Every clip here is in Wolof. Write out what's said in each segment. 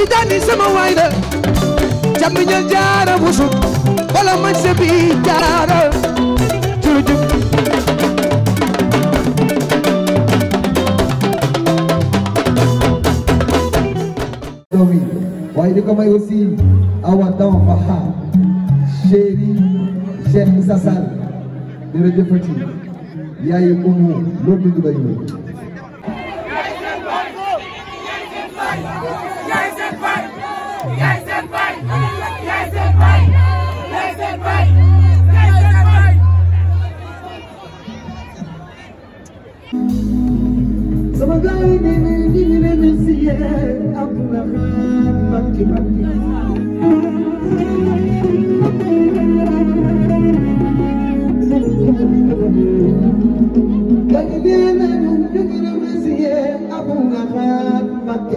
tijaani sama waay la jamiñal jaara busu jaara jurujub waaye di ko may aussi awa dama fa xaar chéri Cheikh Issa Sall jërëjëfati yaay umu du la ñu yaay seen baay yaay seen baay yaay seen baay yaay seen baay sama gaay yi nee nañu ñu ngi leen di si yéen am na xaar bakki bakki gaay yi nee nañu ñu ngi leen di si yéen am na xaar bakki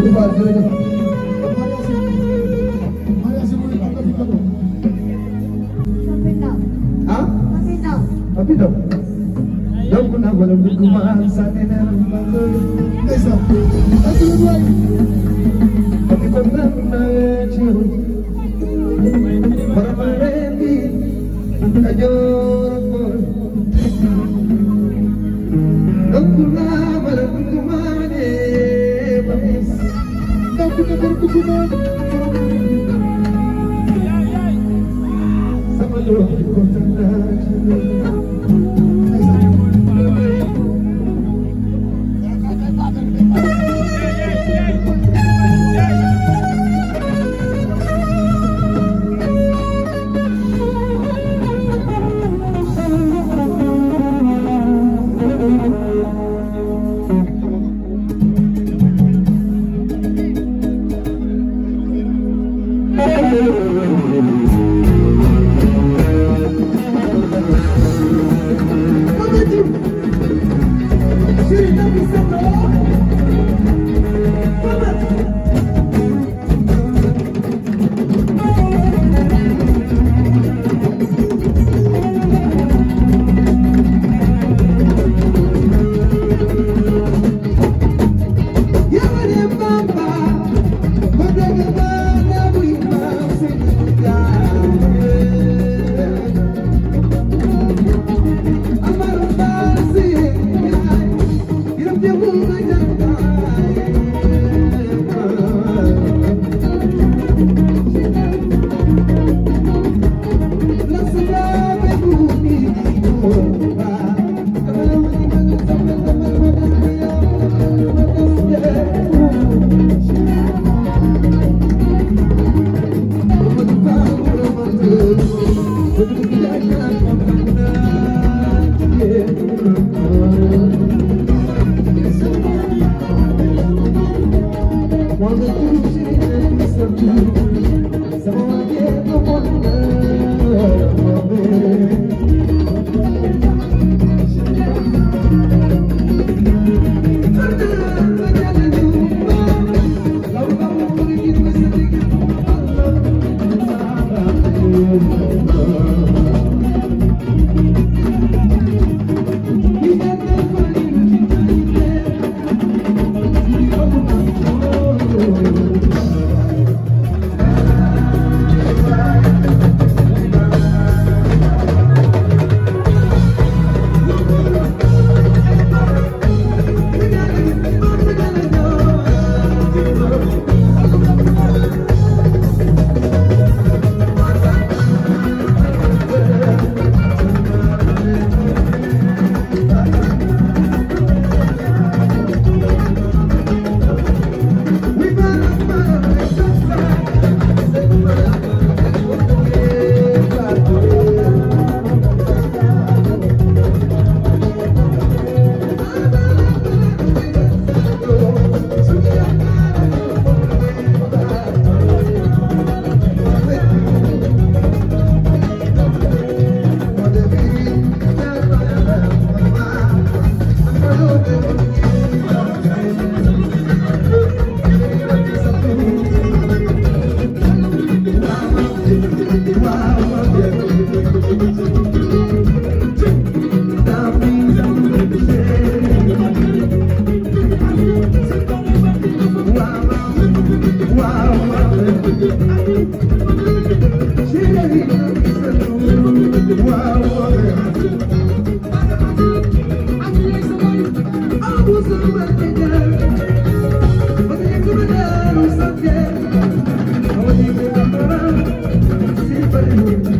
Modou Fall jërëjëf Thank you.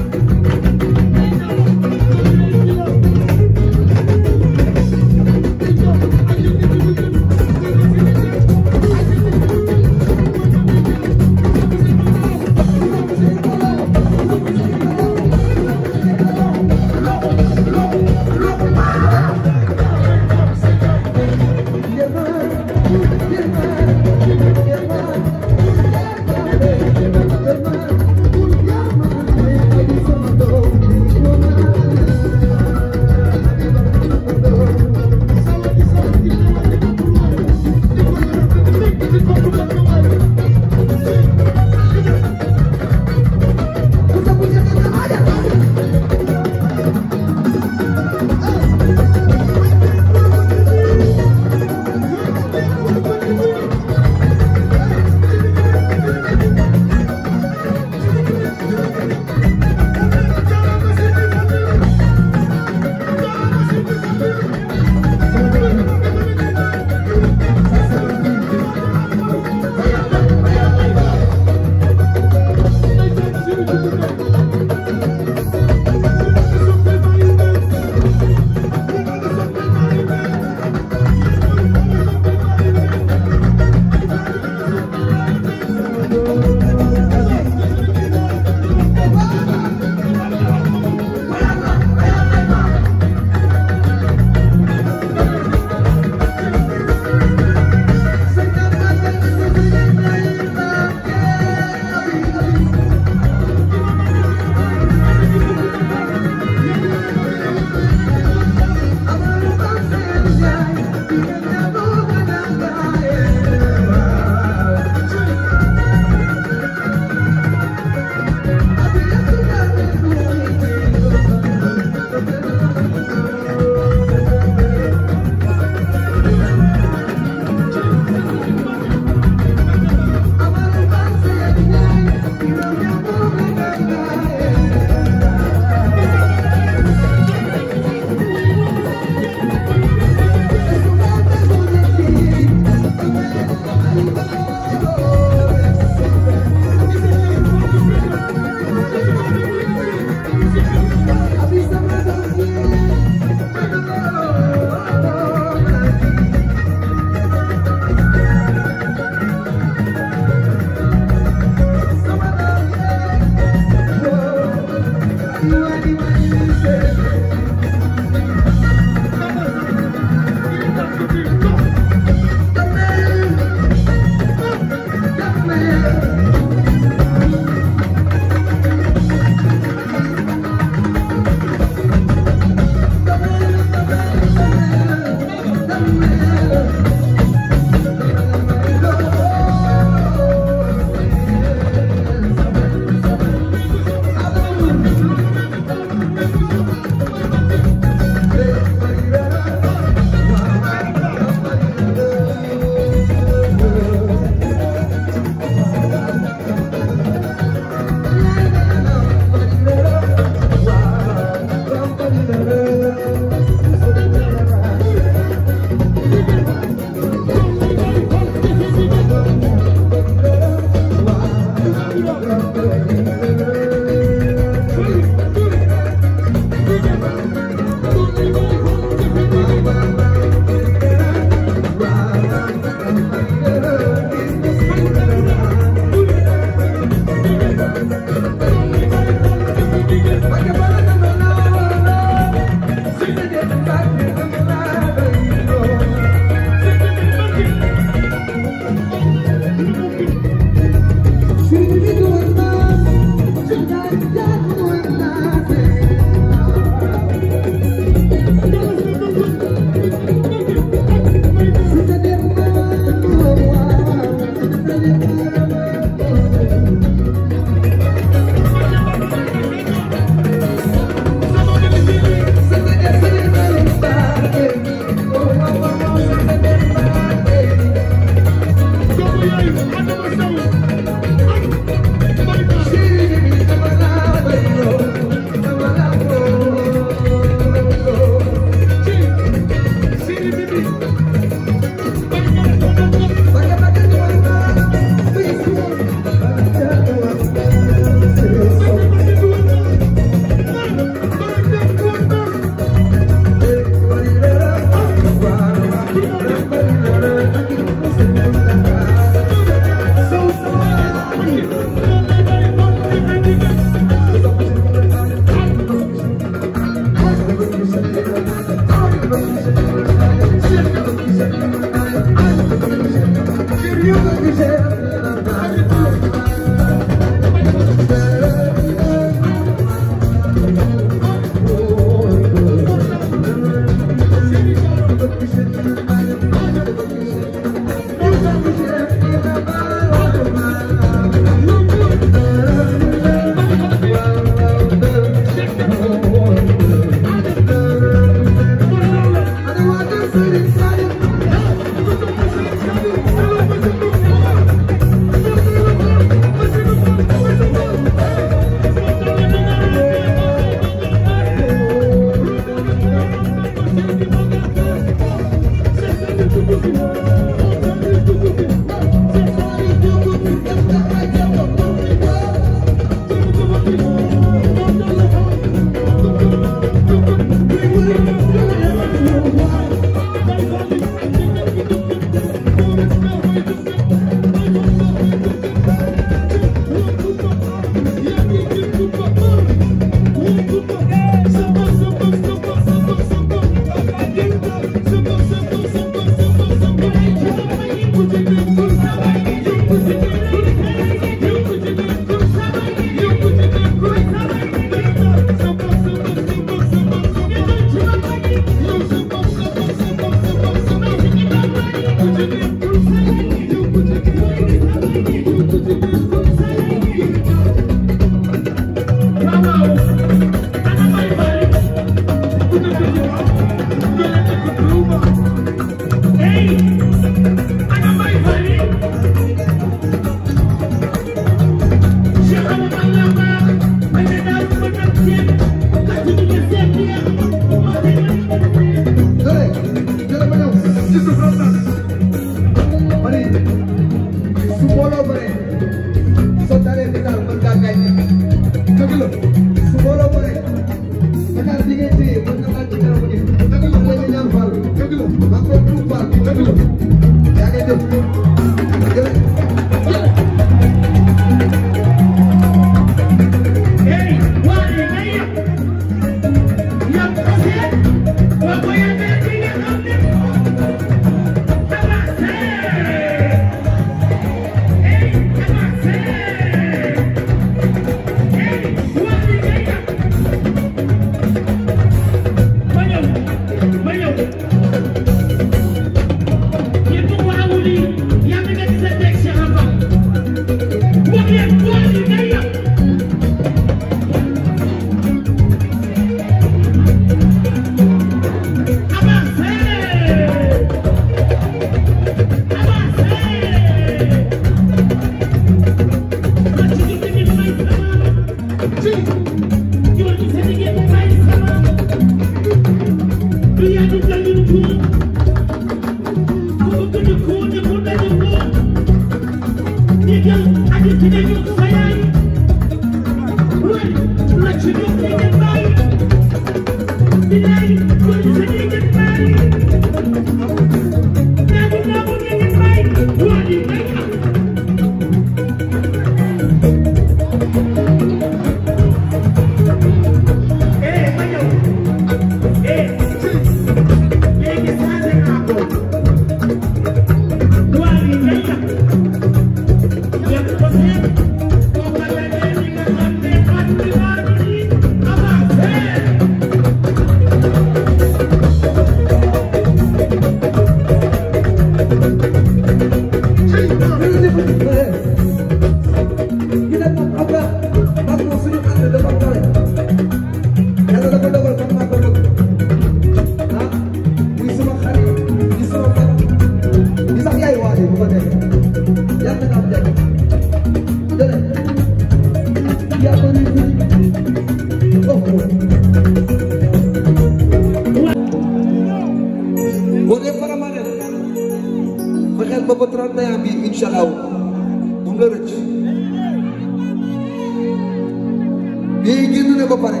bii génn na ba pare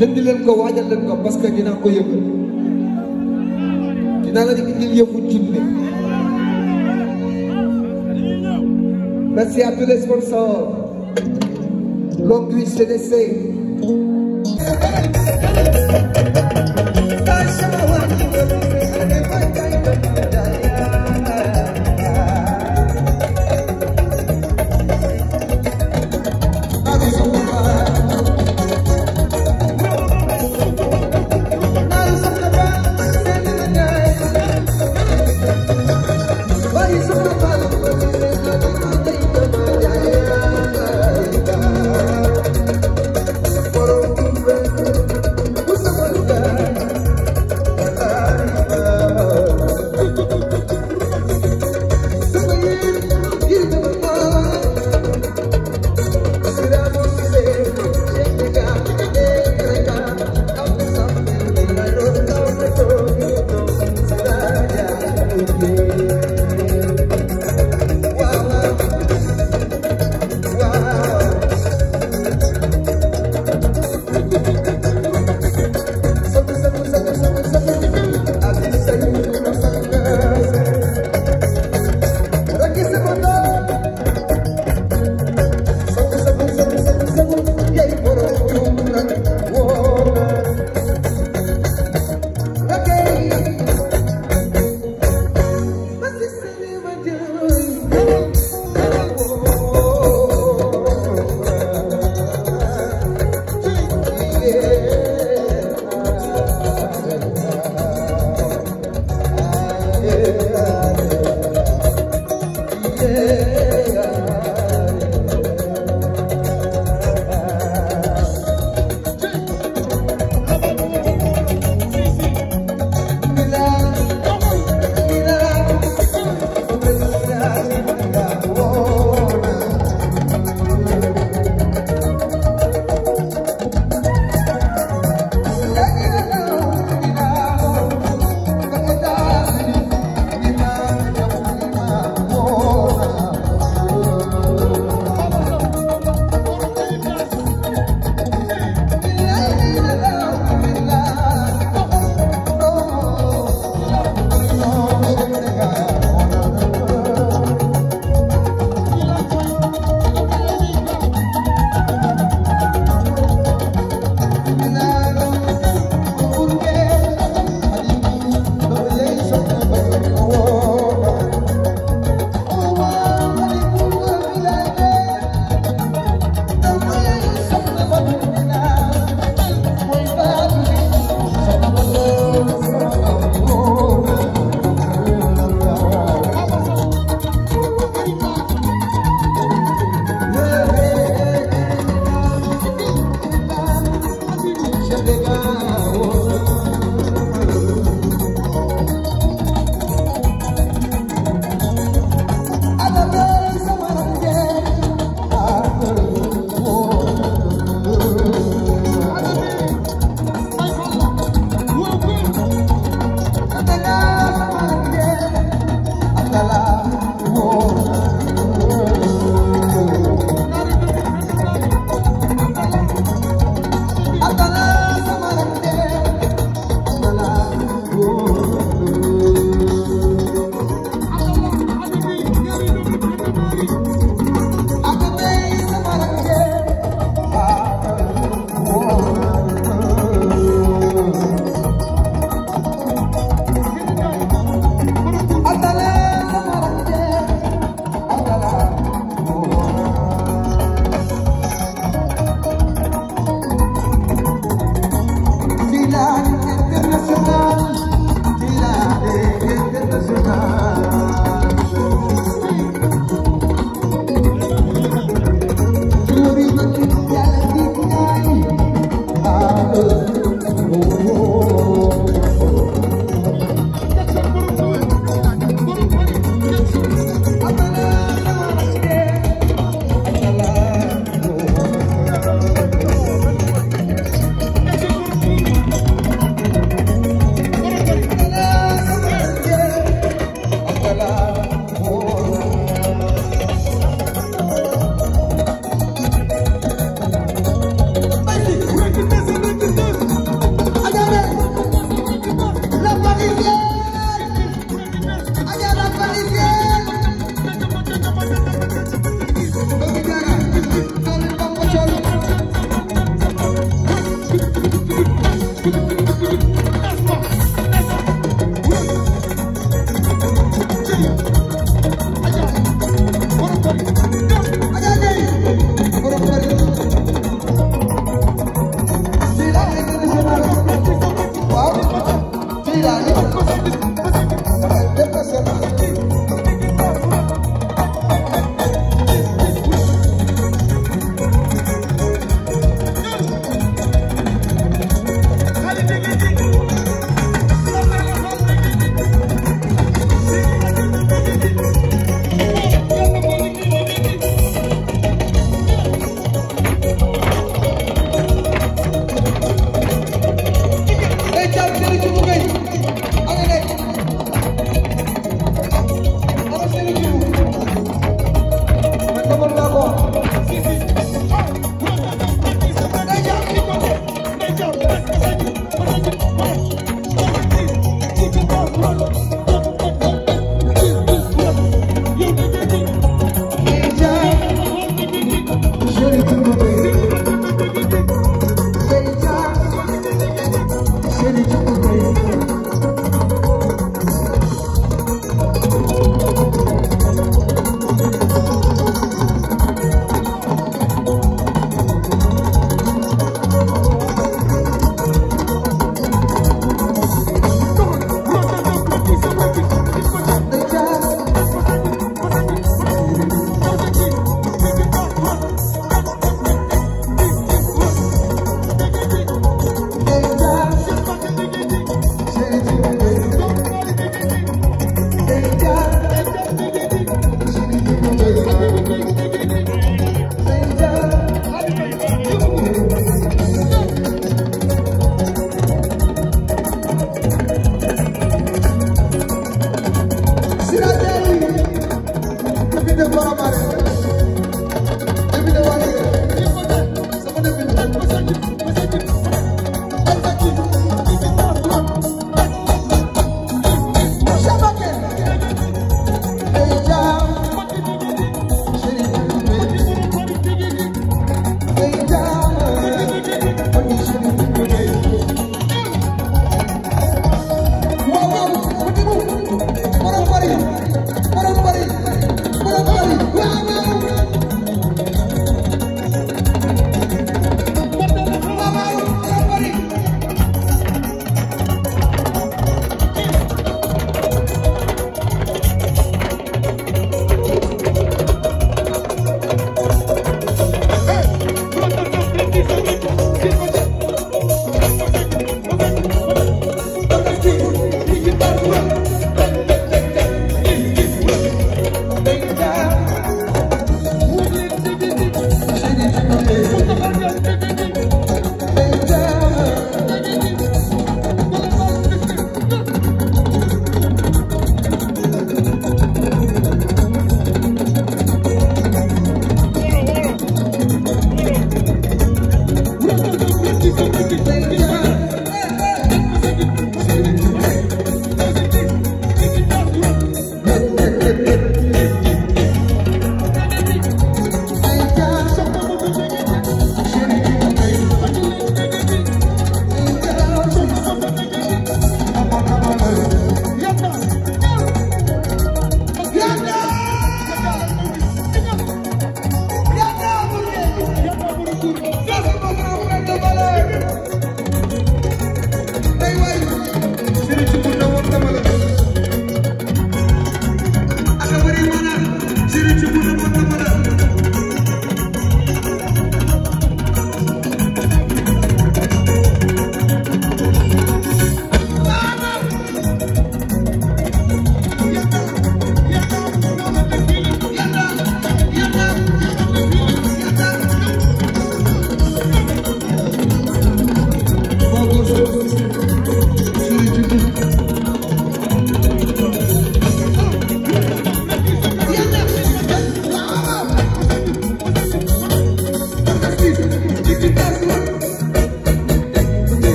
jënd ko waajal leen ko parce que dinaa ko yëngal dinaa la di indil yëfu jinne merci à tous les sponsors longue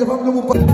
dafa am lu mu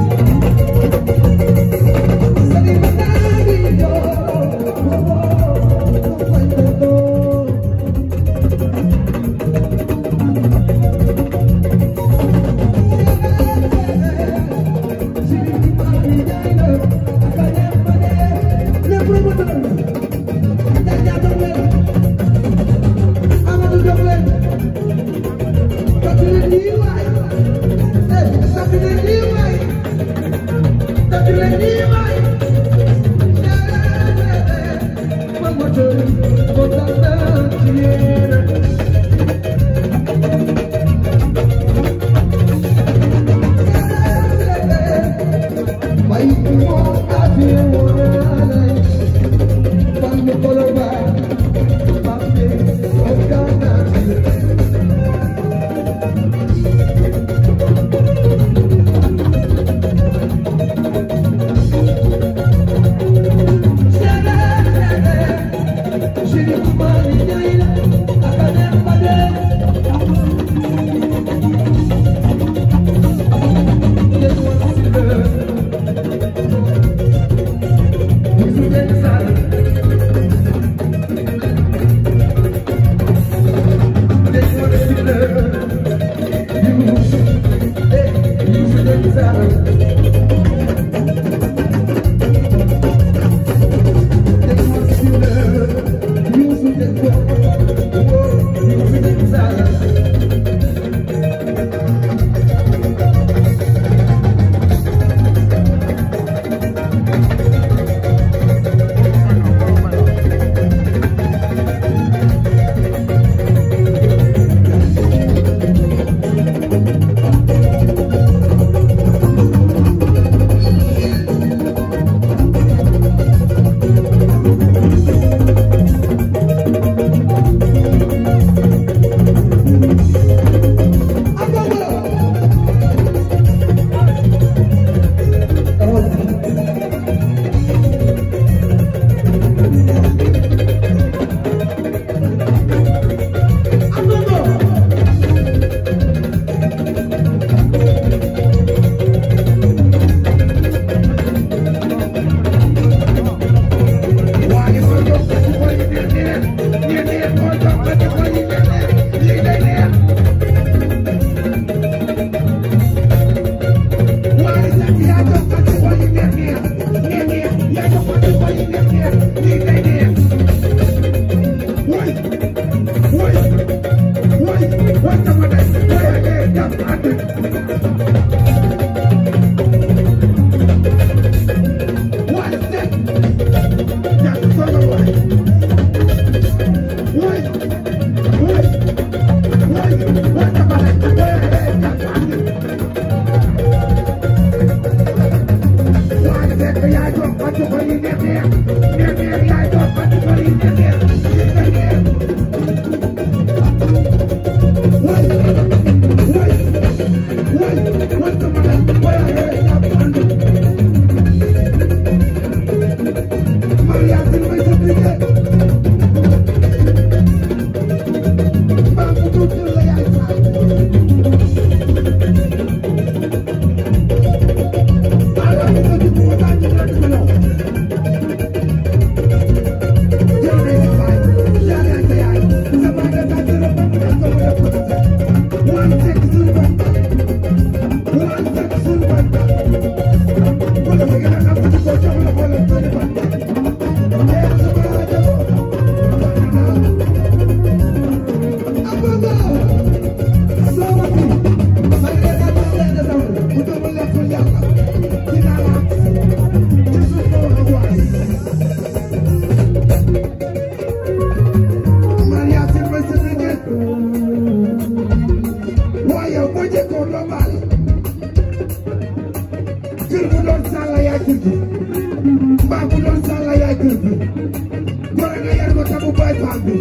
nga yar ma tamu baay faal bi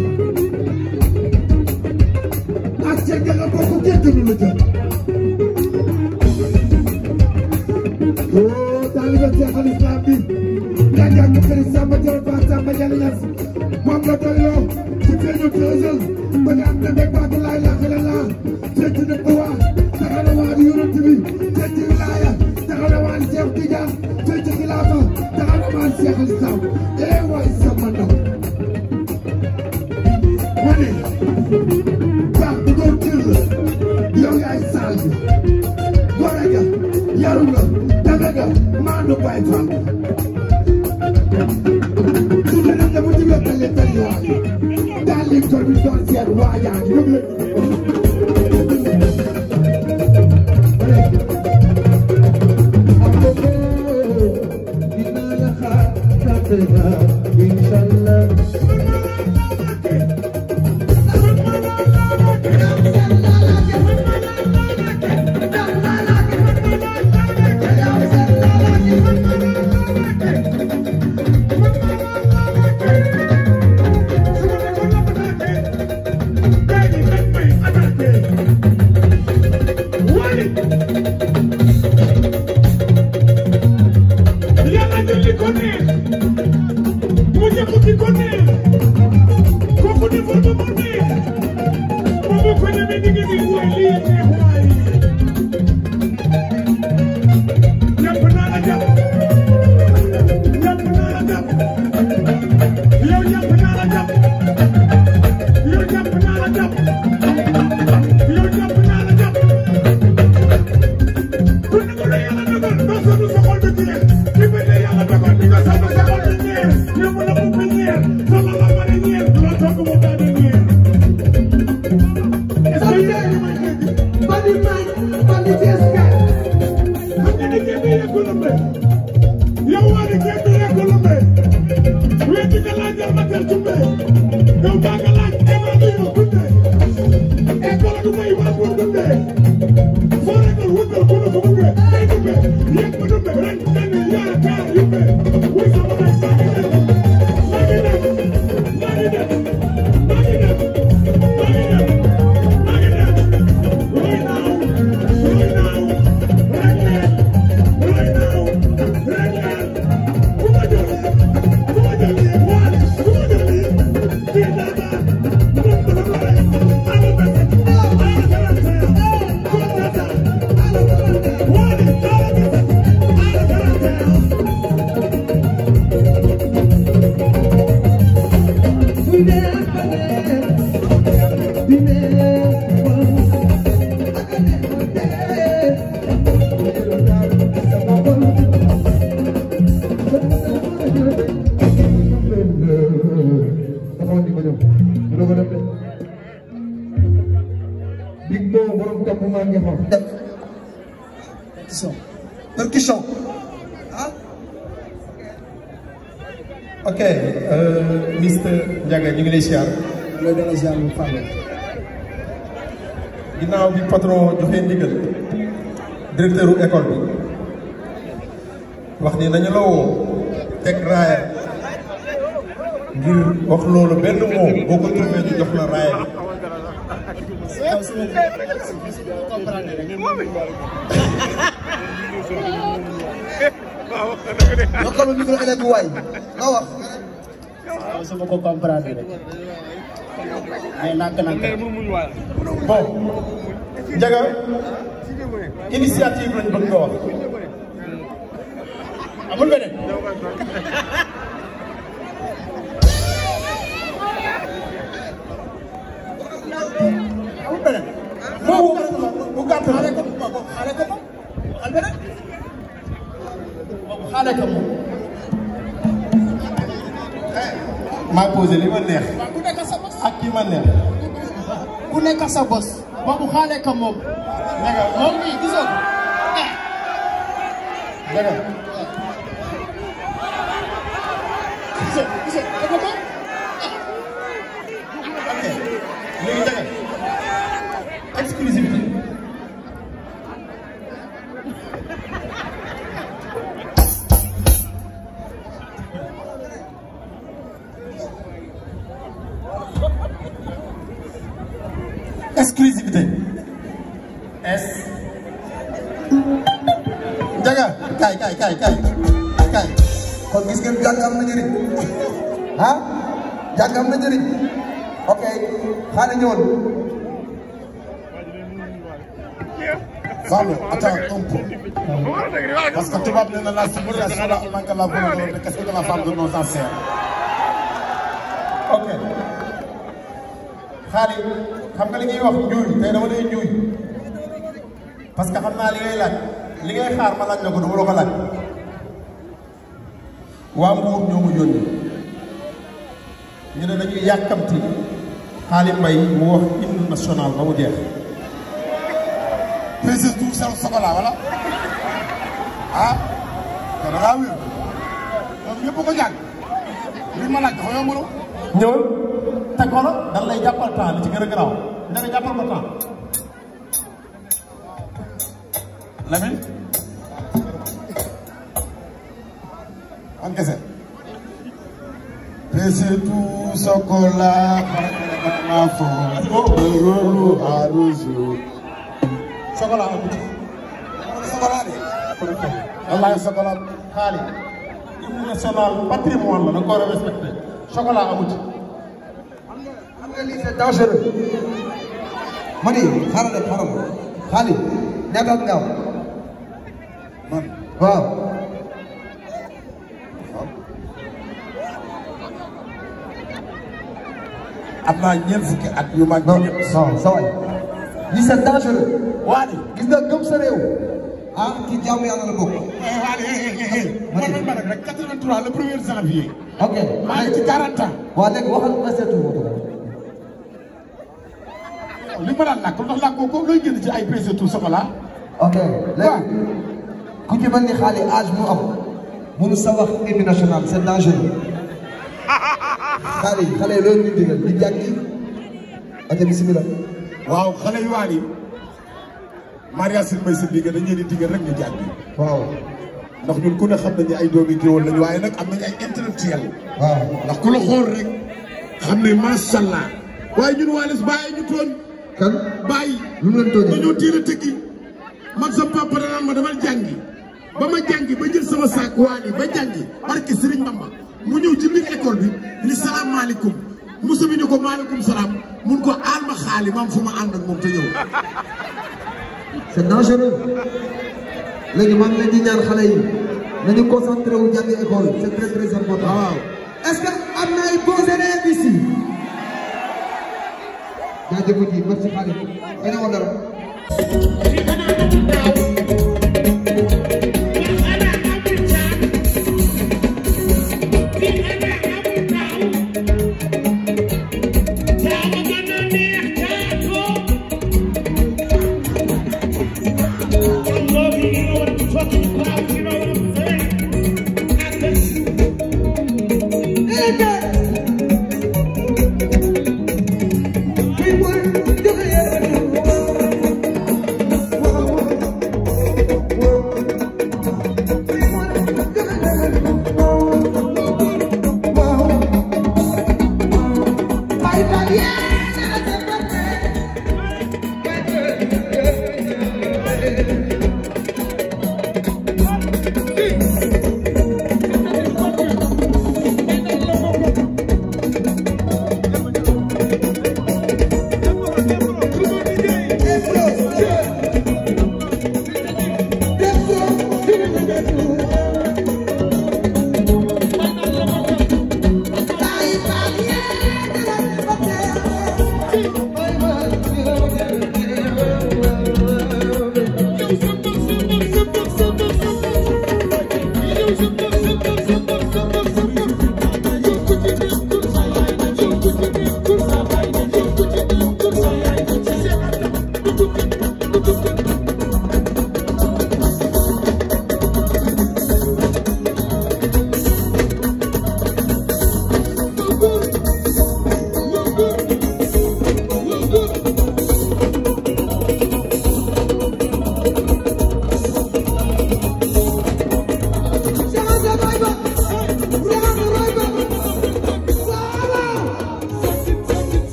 ak ca nga nga bokk kenn du la jël oo taalibe Seex al Islaam bi nga jàng sëriñ Samba Jara Ba Samba Jara Ñas moom nga doyloo ci feeñu teesal ba nga am na mbég baatu laa ilaaha illallaah fekk na ba waa taxana waa di yonent bi fekk ci wilaaya taxana waa di Seex Tijaan fekk ci xilaafa taxana waa di Seex al Islaam ee waay sama baax bu doon jël la yow yaay saal bi gore nga yaru nga daga nga maandu bay fànn su dee nag dama ci wettale benn waay daal di ko doon seet waajaa Happy birthday. ñu ngi la siyaar bu Fane. ginnaaw bi patron joxe ndigal directeur école bi wax ni nañu la woo teg raaya ngir wax loolu benn moo boo ko tuumee ñu jox la raaya bi. comprendre rek. waaw su ko comprendre rek mais nàkk nàkk bon Ndiaga initiative lañ bëgg nga wax amul beneen amul beneen moo bu gàtt ko xaale ko moom xaale ko moom maa posé li ma neex. ku nekk sa bos ak ki ma neex. ku nekk sa bos. boobu xaale ka moom. dëgg la moom mii gisoo ko. Eh. dëgg la. gisoo gisoo léegi am na njëriñ ok xaaral ñëwal. Fallou attends un peu parce que tubaab nee na la civilisation la manque la volonté mais qu'est-ce que la femme de nos anciens. ok xaaral xam nga li ngay wax ñuy tey dama lay ñuy parce que xam naa li ngay laaj li ngay xaar ma laaj la ko dama la ko laaj. waa Mbour ñoo mu yónni. dañuy yàkkamti xaali mbay mu wax président tout ça sokola wala ah te da ngaa ko jàng li ma laaj dafa yomb loo. ñëwal teg ko la dañ lay jàppal temps li ci gën a garaaw da nga jàppal ko temps. Lamine. am kese. Et c'est tout ce qu'on a ma forme. De Roro à Rojo. Sokola amut. Sokola sokola xaali. Hymne national patrimoine la da nga ko a respecté. Sokola amut. Xam nga lii c'est dangereux. Ma ni xaaral xaaral xaali. Ñaata nga am naa ñeent fukki at yu mag. non non sa waay. lii c'est dangereux. waa di gis nga gëm sa réew. ah kii jaamu yàlla la bokk. waa di man man rek le premier janvier. ok maa ngi ci 40 ans. waa léegi waxal ma seetu moto. li ma daan lakk ndax lakkoo ko looy génn ci ay presse tout sama la. ok léegi ku ci ni xaalis âge mu am. mënu sa wax hymne national c'est dangereux. xale yi xale yi loolu ñu digal di waaw xale yi Maria Sy Mbaye Sy Mbengue dañu leen di digal rek ne xam nañu ay doomi géwël lañu waaye nag am nañu ay intellectuel waaw ndax ku la xool rek xam ne macha waaye ñun waa les bàyyi ñu toon kan bàyyi lu mu leen tooñ a tëggi man sa papa ma dama jàngi ba ma jàngi ba jël sama saak waa ni ba jàngi barke Serigne Bamba mu ñëw ci biir école bi ni salaamaaleykum Moussa bi ni ko maaleykum salaam mun ko aal ma xaali maam fu ma ànd ak moom te ñëw. c'est dangereux léegi maa ngi leen di ñaan xale yi nañu concentré wu jàng école c'est très très important. waaw est-ce que am na ay bons élèves ici. jaajëf ji merci